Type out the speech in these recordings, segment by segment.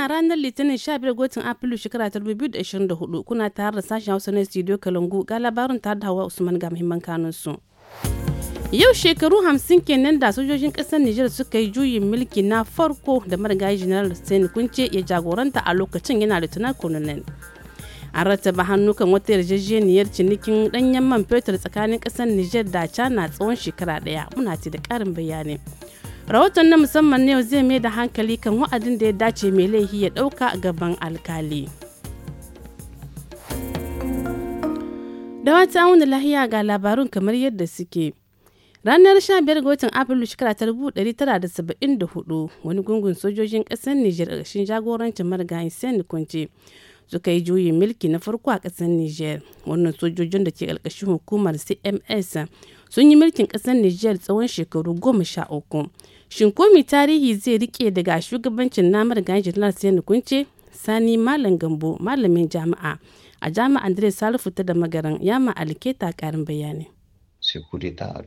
Kuna ranar Litinin 15 gotin Afrilu shekara 2024 kuna tare da sashen Hausa na Studio Kalangu ga labarin tare da Hawa Usman ga muhimman kanun su. Yau shekaru 50 kenan da sojojin kasar Nijar suka yi juyin mulki na farko da marigayi General Hussein Kunce ya jagoranta a lokacin yana Lieutenant Colonel. An rattaba hannu kan wata yarjejeniyar cinikin ɗanyen man fetur tsakanin kasar Nijar da China tsawon shekara daya muna ce da karin bayani. rahoton na musamman yau zai mai da hankali kan wa'adin da ya dace mai laifi ya ɗauka gaban alkali da wata wani lahiya ga labarun kamar yadda suke ranar 15 ga watan afrilu shekara 1974 wani gungun sojojin kasar niger ƙarshen jagorancin marigayin sen kunce suka yi juyin mulki na farko a ƙasar niger wannan sojojin da ke ƙarƙashin hukumar cms sun yi mulkin ƙasar niger tsawon shekaru goma sha uku Shin ko tarihi zai rike daga shugabancin namar ganji na Sani Kunce? Sani Malam Gambo, malamin jami'a a jami'an Andres Salifu ta da magaran ya ma karin bayani. sekurita a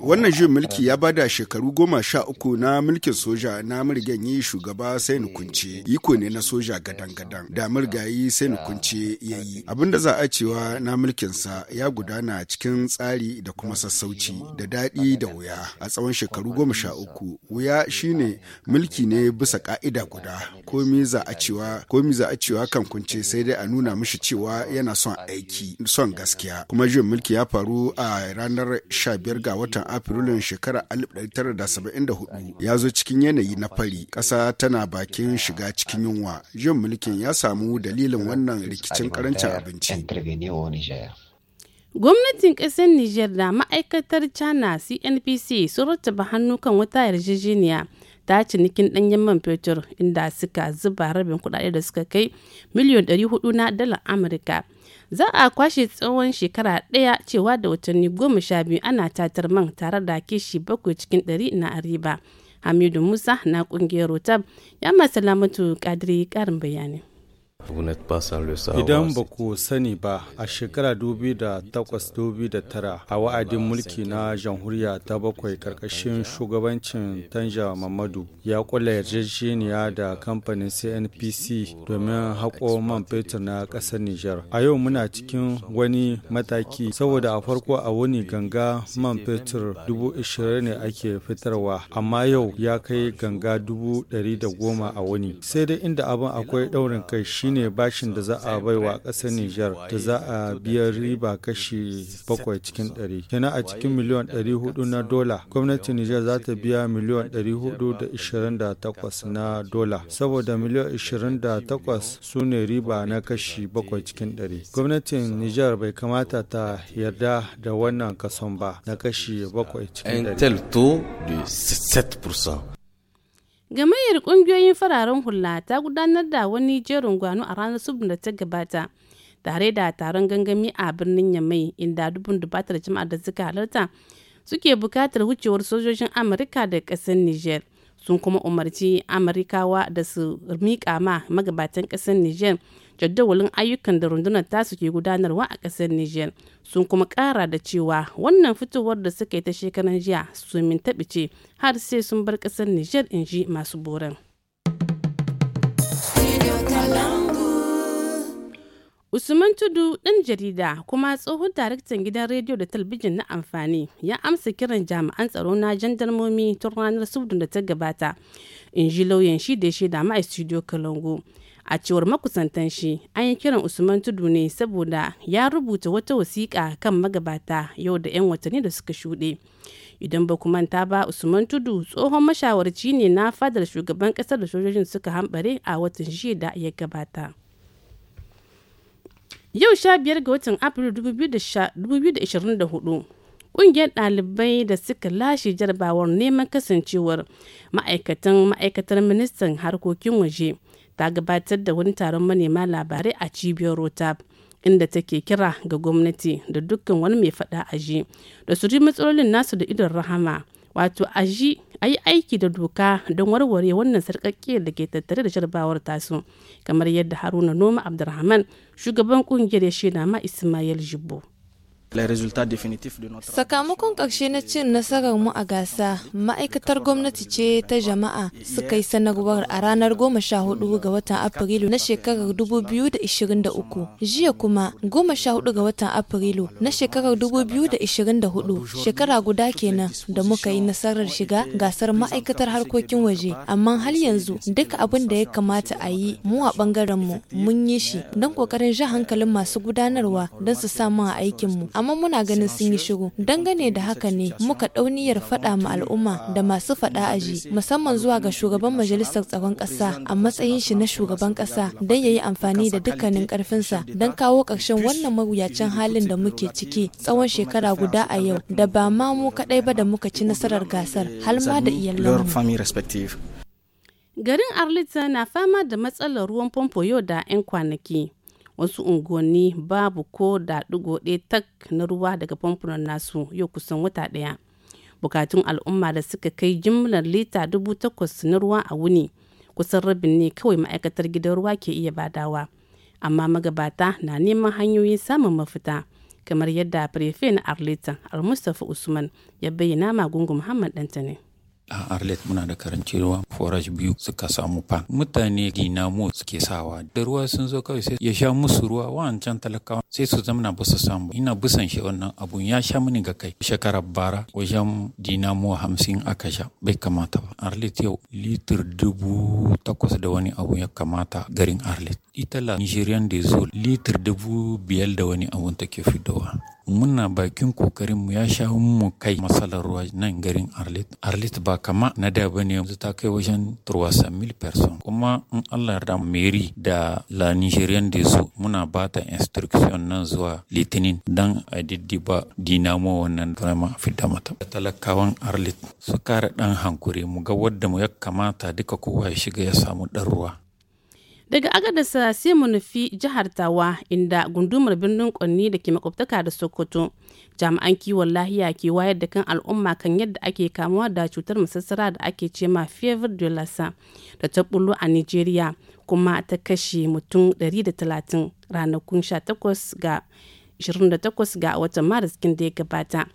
Wannan juyin mulki ya bada shekaru goma sha uku na mulkin soja na yi shugaba sai ni kunce iko ne na soja gadan-gadan da murgayi sai ni kunce ya yi. Abinda za a cewa na mulkinsa ya gudana cikin tsari da kuma sassauci da daɗi da wuya a tsawon shekaru goma sha uku. Wuya shine mulki ne bisa ka'ida guda komi za a cewa komi za a cewa kan kunce sai dai a nuna mishi cewa yana son aiki son gaskiya kuma juyin mulki ya faru a ranar 15 ga watan Afrilun shekarar 1974 ya zo cikin yanayi na fari. Ƙasa tana bakin shiga cikin yunwa. Jin mulkin ya samu dalilin wannan rikicin karancin abinci. Gwamnatin ƙasar Nijar da ma'aikatar China CNPC sun rattaba hannu kan wata yarjejeniya ta cinikin ɗanyen man fetur inda suka zuba rabin kuɗaɗe da suka kai miliyan 400 na dalar Amurka. za a kwashe tsawon shekara ɗaya cewa da watanni goma sha biyu ana tatar man tare da kishi bakwai cikin ɗari na ariba hamidu musa na ƙungiyar rotab ya masalamatu kadiri ƙarin bayani Idan ba ku sani ba a shekara 2008-2009 a wa'adin mulki na jamhuriya ta bakwai karkashin shugabancin Tanja Mamadu ya kula yarjejeniya da kamfanin CNPC domin haƙo man fetur na ƙasar Nijar. A yau muna cikin wani mataki saboda a farko a wani ganga man fetur 20,000 ne ake fitarwa amma yau ya kai ganga 110,000 a wani. Sai dai inda abin akwai ɗaurin kai shi shine bashin da za a bai wa ƙasar Nijar da za a biya riba kashi bakwai cikin ɗari. Kina a cikin miliyon ɗari hudu na dola, gwamnatin Nijar za ta biya miliyon ɗari hudu da ishirin da takwas na dola, saboda miliyon ishirin da takwas su ne riba na kashi bakwai cikin ɗari. Gwamnatin Nijar bai kamata ta yarda da wannan kason ba na kashi bakwai cikin ɗari. Gamayyar kungiyoyin fararen hula ta gudanar da wani jerin gwano a ranar Subdu da ta gabata tare da taron gangami a birnin Yamai inda dubun dubatar jama'ar da suka halarta suke bukatar wucewar sojojin Amurka da ƙasar Niger. Sun kuma umarci Amurkawa da su miƙa ma magabatan ƙasar Niger jadawalin ayyukan da rundunar tasu ke gudanarwa a ƙasar Nijar sun kuma ƙara da cewa wannan fitowar da suka yi ta shekaran jiya su min taɓice har sai sun bar ƙasar Nijar in ji masu boran. Usman Tudu ɗan jarida kuma tsohon daraktan gidan rediyo da talbijin na amfani ya amsa kiran jami'an tsaro na jandarmomi tun ranar subdun da ta gabata in ji lauyan shi da shaida ma a studio Kalango. a cewar makusantan shi an yi kiran usman tudu ne saboda ya rubuta wata wasiƙa kan magabata yau da 'yan watanni da suka shuɗe idan ba ku manta ba usman tudu tsohon mashawarci ne na fadar shugaban ƙasar da sojojin suka hambare a watan shida ya gabata yau sha biyar ga watan april 2024 ƙungiyar ɗalibai da suka lashe jarabawar neman kasancewar ma'aikatan ma'aikatar ministan harkokin waje ta gabatar da wani taron manema labarai a cibiyar rotab inda take kira ga gwamnati da dukkan wani mai faɗa aji da su ji matsalolin nasu da idon rahama wato aji a yi aiki da doka don warware wannan sarƙaƙƙiyar da ke tattare da jarabawar tasu kamar yadda haruna noma abdulrahman shugaban ƙungiyar ya shaida ma ismail jibbo Sakamakon ƙarshe na cin nasarar mu a gasa, ma'aikatar gwamnati ce ta jama'a suka yi sanarwar a ranar 14 ga watan Afrilu na shekarar 2023. Jiya kuma 14 ga watan Afrilu na shekarar 2024 shekara guda kenan da muka yi nasarar shiga gasar ma'aikatar harkokin waje. Amma har yanzu duk abin da ya kamata a yi mu a bangaren mu mun yi shi don ƙoƙarin ji hankalin masu gudanarwa don su samu a aikinmu. amma muna ganin sun yi shiru. Dangane da haka ne muka dauniyar faɗa ma al'umma da masu faɗa aji musamman zuwa ga shugaban majalisar tsaron ƙasa a matsayin shi na shugaban ƙasa don ya yi amfani da dukkanin ƙarfinsa don kawo ƙarshen wannan mawuyacin halin da muke ciki tsawon shekara guda a yau da ba ma mu kaɗai ba da muka ci nasarar gasar har ma da iyalan Garin Arlita na fama da matsalar ruwan famfo yau da 'yan kwanaki. wasu unguwanni babu ko da ɗigo ɗaya tak na ruwa daga famfunan nasu yau kusan wata ɗaya bukatun al'umma da suka kai jimlar lita dubu takwas na ruwa a wuni kusan rabin ne kawai ma'aikatar gidan ruwa ke iya badawa amma magabata na neman hanyoyin samun mafita kamar yadda prefe na arlita al usman ya bayyana magungun muhammad dantane. a arlet muna da karancin ruwa forage biyu suka samu pan. mutane dinamo suke sawa da ruwa sun zo kawai sai ya sha musu ruwa wancan talakawa sai su zamana ba su samu ina busan shi wannan abun ya sha mini ga kai shekarar bara wajen dinamo hamsin aka sha bai kamata ba arlet yau litir dubu takwas da wani abu ya kamata garin arlet ita la nigerian diesel litir dubu biyar da wani abun take fitowa muna bakin kokarin mu ya sha mu kai matsalar ruwa nan garin arlit arlit ba kama na da ba ne yanzu ta kai wajen turwasa mil person kuma in allah da meri da la nigerian da su muna ba ta instruction nan zuwa litinin dan a ba dinamo wannan drama fidda mata talakawan arlit su kare dan hankuri mu ga wadda mu ya kamata duka kowa ya shiga ya samu dan ruwa daga agadasa sai mu nufi jihar tawa inda gundumar birnin kwanni da ke makwabtaka da sokoto jami'an kiwon lahiya ke wayar da kan al'umma kan yadda ake kamuwa da cutar masassara da ake ce ma fever de lassa da ta a nigeria kuma ta kashe mutum 130 ranakun 18 ga 28 ga watan maris da ya gabata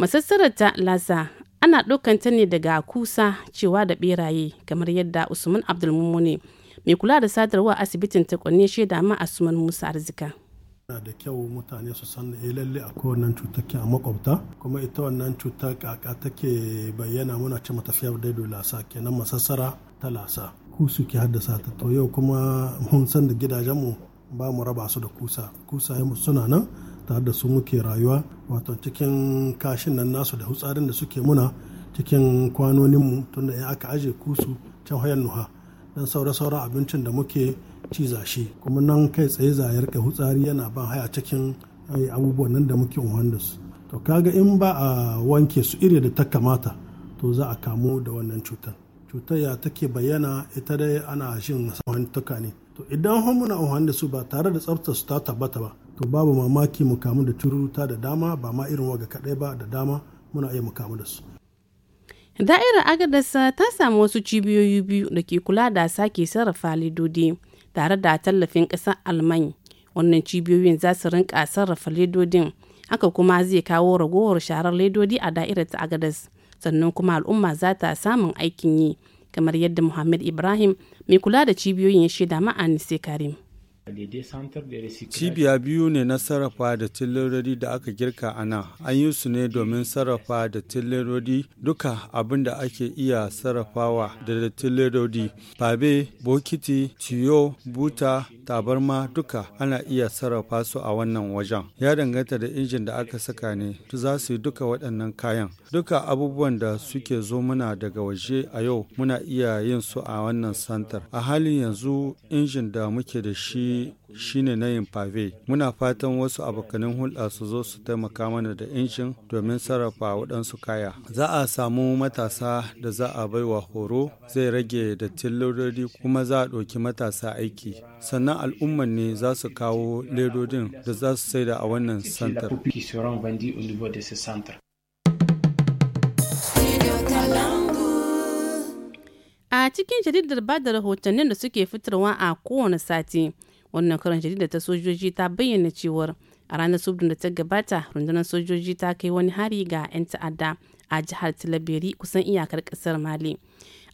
masassarar ta lassa ana ɗaukanta ne daga kusa cewa da beraye kamar yadda usman abdulmumuni mai kula da sadarwa asibitin ta kwanne shaida ma asuman musa arzika yana da kyau mutane su san eh lalle akwai wannan cutar ke a makwabta kuma ita wannan cuta kaka take bayyana muna ce mata fiyar daido lasa kenan masassara ta lasa kusu ke haddasa ta to yau kuma mun san da gidajenmu ba mu raba su da kusa kusa suna nan tare da su muke rayuwa wato cikin kashin nan nasu da hutsarin da suke muna cikin kwanoninmu tunda in aka aje kusu can hayan nuha dan saura-saura abincin da muke ciza shi kuma nan kai tsaye za yarka, hutsari yana ban haya cikin eh, abubuwan nan da muke unhan da su to kaga in ba a wanke su iri da ta kamata to za a kamu da wannan cutar cutar ya take bayyana ita dai ana shin tuka ne to idan muna unhan da su ba tare da tsaftar su ta tabbata ba to babu mamaki mu kamu da tururuta da dama ba ma irin waga kaɗai ba da dama muna iya mu kamu da su Da'irar Agadasa ta samu wasu cibiyoyi biyu da ke kula da sake sarrafa ledodi tare da tallafin ƙasar Alman. Wannan cibiyoyin za su rinka sarrafa ledodin, haka kuma zai kawo ragowar sharar ledodi a da'irar ta Agadas. Sannan kuma al'umma za ta samun aikin yi, kamar yadda Muhammad Ibrahim mai kula da cibiyoyin ya shaida ma'ani sai Karim. Cibiya biyu ne na sarrafa da tillerori da aka girka a nan. An yi su ne domin sarrafa da tillerori duka abin da ake iya sarrafawa da tillerori. babe bokiti, tiyo, buta, tabarma duka ana iya sarrafa su a wannan wajen. Ya danganta da injin da aka saka ne, za su yi duka waɗannan kayan. Duka abubuwan da suke zo muna daga waje a yau muna iya yin su a wannan santar. A halin yanzu injin da muke da shi shine na yin pave. Muna fatan wasu abokanin hulɗa su zo su taimaka mana da injin domin sarrafa waɗansu kaya. Za a samu matasa da za a baiwa horo zai rage dattin ledodi kuma za a ɗauki matasa aiki. Sannan al'ummar ne za su kawo ledodin da za su saida a wannan santar. a cikin jaridar ba da rahotannin da suke fitarwa a kowane sati wannan karin jarida ta sojoji ta bayyana cewar a ranar subdin da ta gabata rundunar sojoji ta kai wani hari ga 'yan ta'adda a jihar tilabiri kusan iyakar kasar mali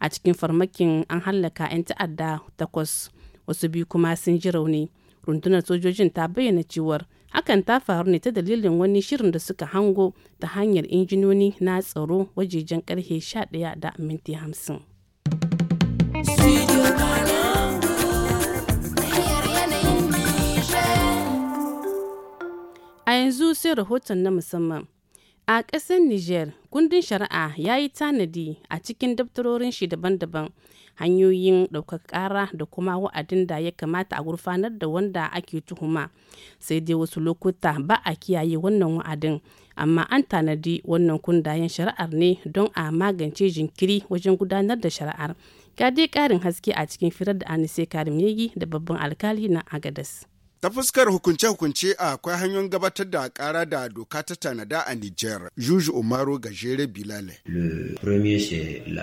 a cikin farmakin an hallaka 'yan ta'adda takwas wasu biyu kuma sun ji rauni rundunar sojojin ta bayyana cewar hakan ta faru ne ta dalilin wani shirin da suka hango ta hanyar injinoni na tsaro wajejen karfe 11 da minti 50 yanzu sai rahoton na musamman. A ƙasar Nijar, kundin shari'a ya yi tanadi a cikin daftarorin shi daban-daban hanyoyin ɗaukar ƙara da kuma wa'adin da ya kamata a gurfanar da wanda ake tuhuma. Sai dai wasu lokuta ba a kiyaye wannan wa'adin, amma an tanadi wannan kundayen shari'ar ne don a magance jinkiri wajen gudanar da shari'ar. Ga dai ƙarin haske a cikin firar da Anise Karim Yegi da babban alkali na Agadas. Ta fuskar hukunce-hukunce akwai hanyoyin gabatar da kara da doka ta tanada a Nijar. Juju Umaru Gajere Bilale.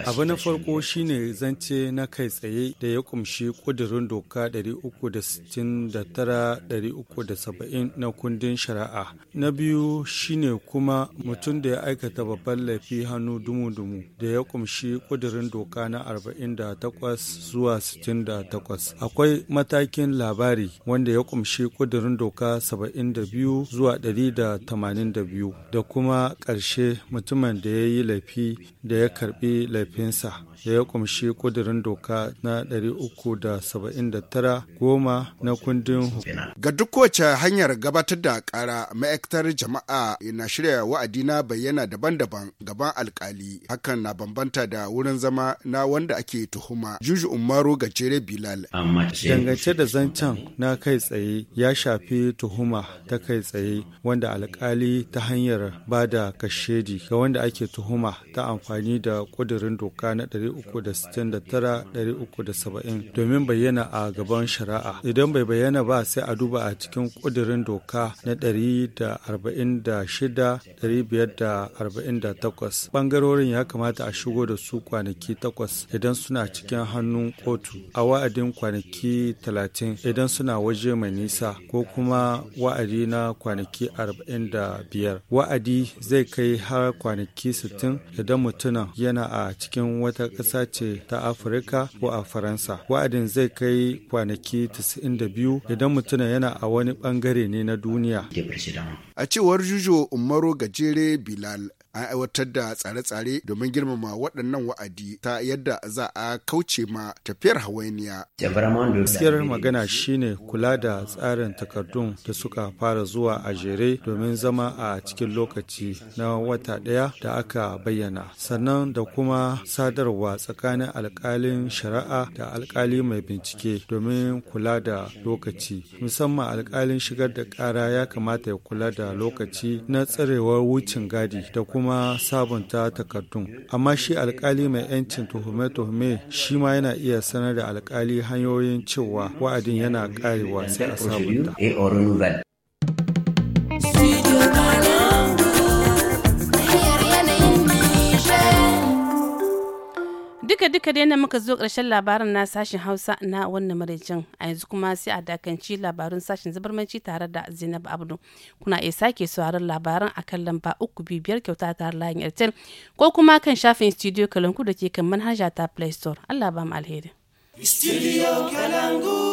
Abu na farko shine zance na kai tsaye da ya kumshi kudurin doka 369-370 na kundin shari'a. Na biyu shine kuma mutum da ya aikata babban laifi hannu dumu-dumu da ya kumshi kudurin doka na 48 zuwa 68. Akwai matakin labari wanda ya kumshi kumshi kudurin doka 72 zuwa 182 da kuma karshe mutumin da ya yi laifi da ya karbi laifinsa da ya kumshi kudurin doka na 379 goma na kundin ga duk kowace hanyar gabatar da kara ma'aikatar jama'a na shirya wa'adi na bayyana daban-daban gaban alkali hakan na bambanta da wurin zama na wanda ake tuhuma juju umaru gajere bilal dangance da zancen na kai tsaye tsaye ya shafi tuhuma ta kai tsaye wanda alkali ta hanyar ba da kashedi ga wanda ake tuhuma ta amfani da kudurin doka na 369-370 domin bayyana a gaban shari'a idan bai bayyana ba sai a duba a cikin kudurin doka na 146-548 bangarorin ya kamata a shigo da su kwanaki takwas idan suna cikin hannun kotu a wa'adin kwanaki 30 idan suna waje mai nisa ko kuma wa'adi na kwanaki 45 wa'adi zai kai har kwanaki 60 idan mutumin yana a cikin wata ƙasa ce ta afirka ko a faransa wa'adin zai kai kwanaki 92 idan mutumin yana a wani ɓangare ne na duniya a cewar jujo umaru gajere bilal an aiwatar da tsare-tsare domin girmama waɗannan wa'adi ta yadda za a kauce ma tafiyar hawainiya. Gaskiyar magana shine kula da tsarin takardun da suka fara zuwa a jere domin zama a cikin lokaci na wata ɗaya da aka bayyana. Sannan da kuma sadarwa tsakanin alkalin shari'a da alkali mai bincike domin kula da lokaci. Musamman alkalin shigar da ƙara ya kamata ya kula da lokaci na tsarewar wucin gadi da kuma kuma sabunta takardun amma shi alkali mai 'yancin tuhume-tuhume shi ma yana iya sanar da alkali hanyoyin cewa wa'adin yana karewa sai a sabunta duka duka dai na muka zo ƙarshen labarin na sashen hausa na wannan maraicin a yanzu kuma sai a dakanci labarun sashen zabarmanci tare da zainab abdu kuna iya sake sauraron labaran kan lamba uku biyar kyauta tare layin airtel ko kuma kan shafin studio kalanku da ke kan manhaja ta play store allah ba mu alheri studio kalangu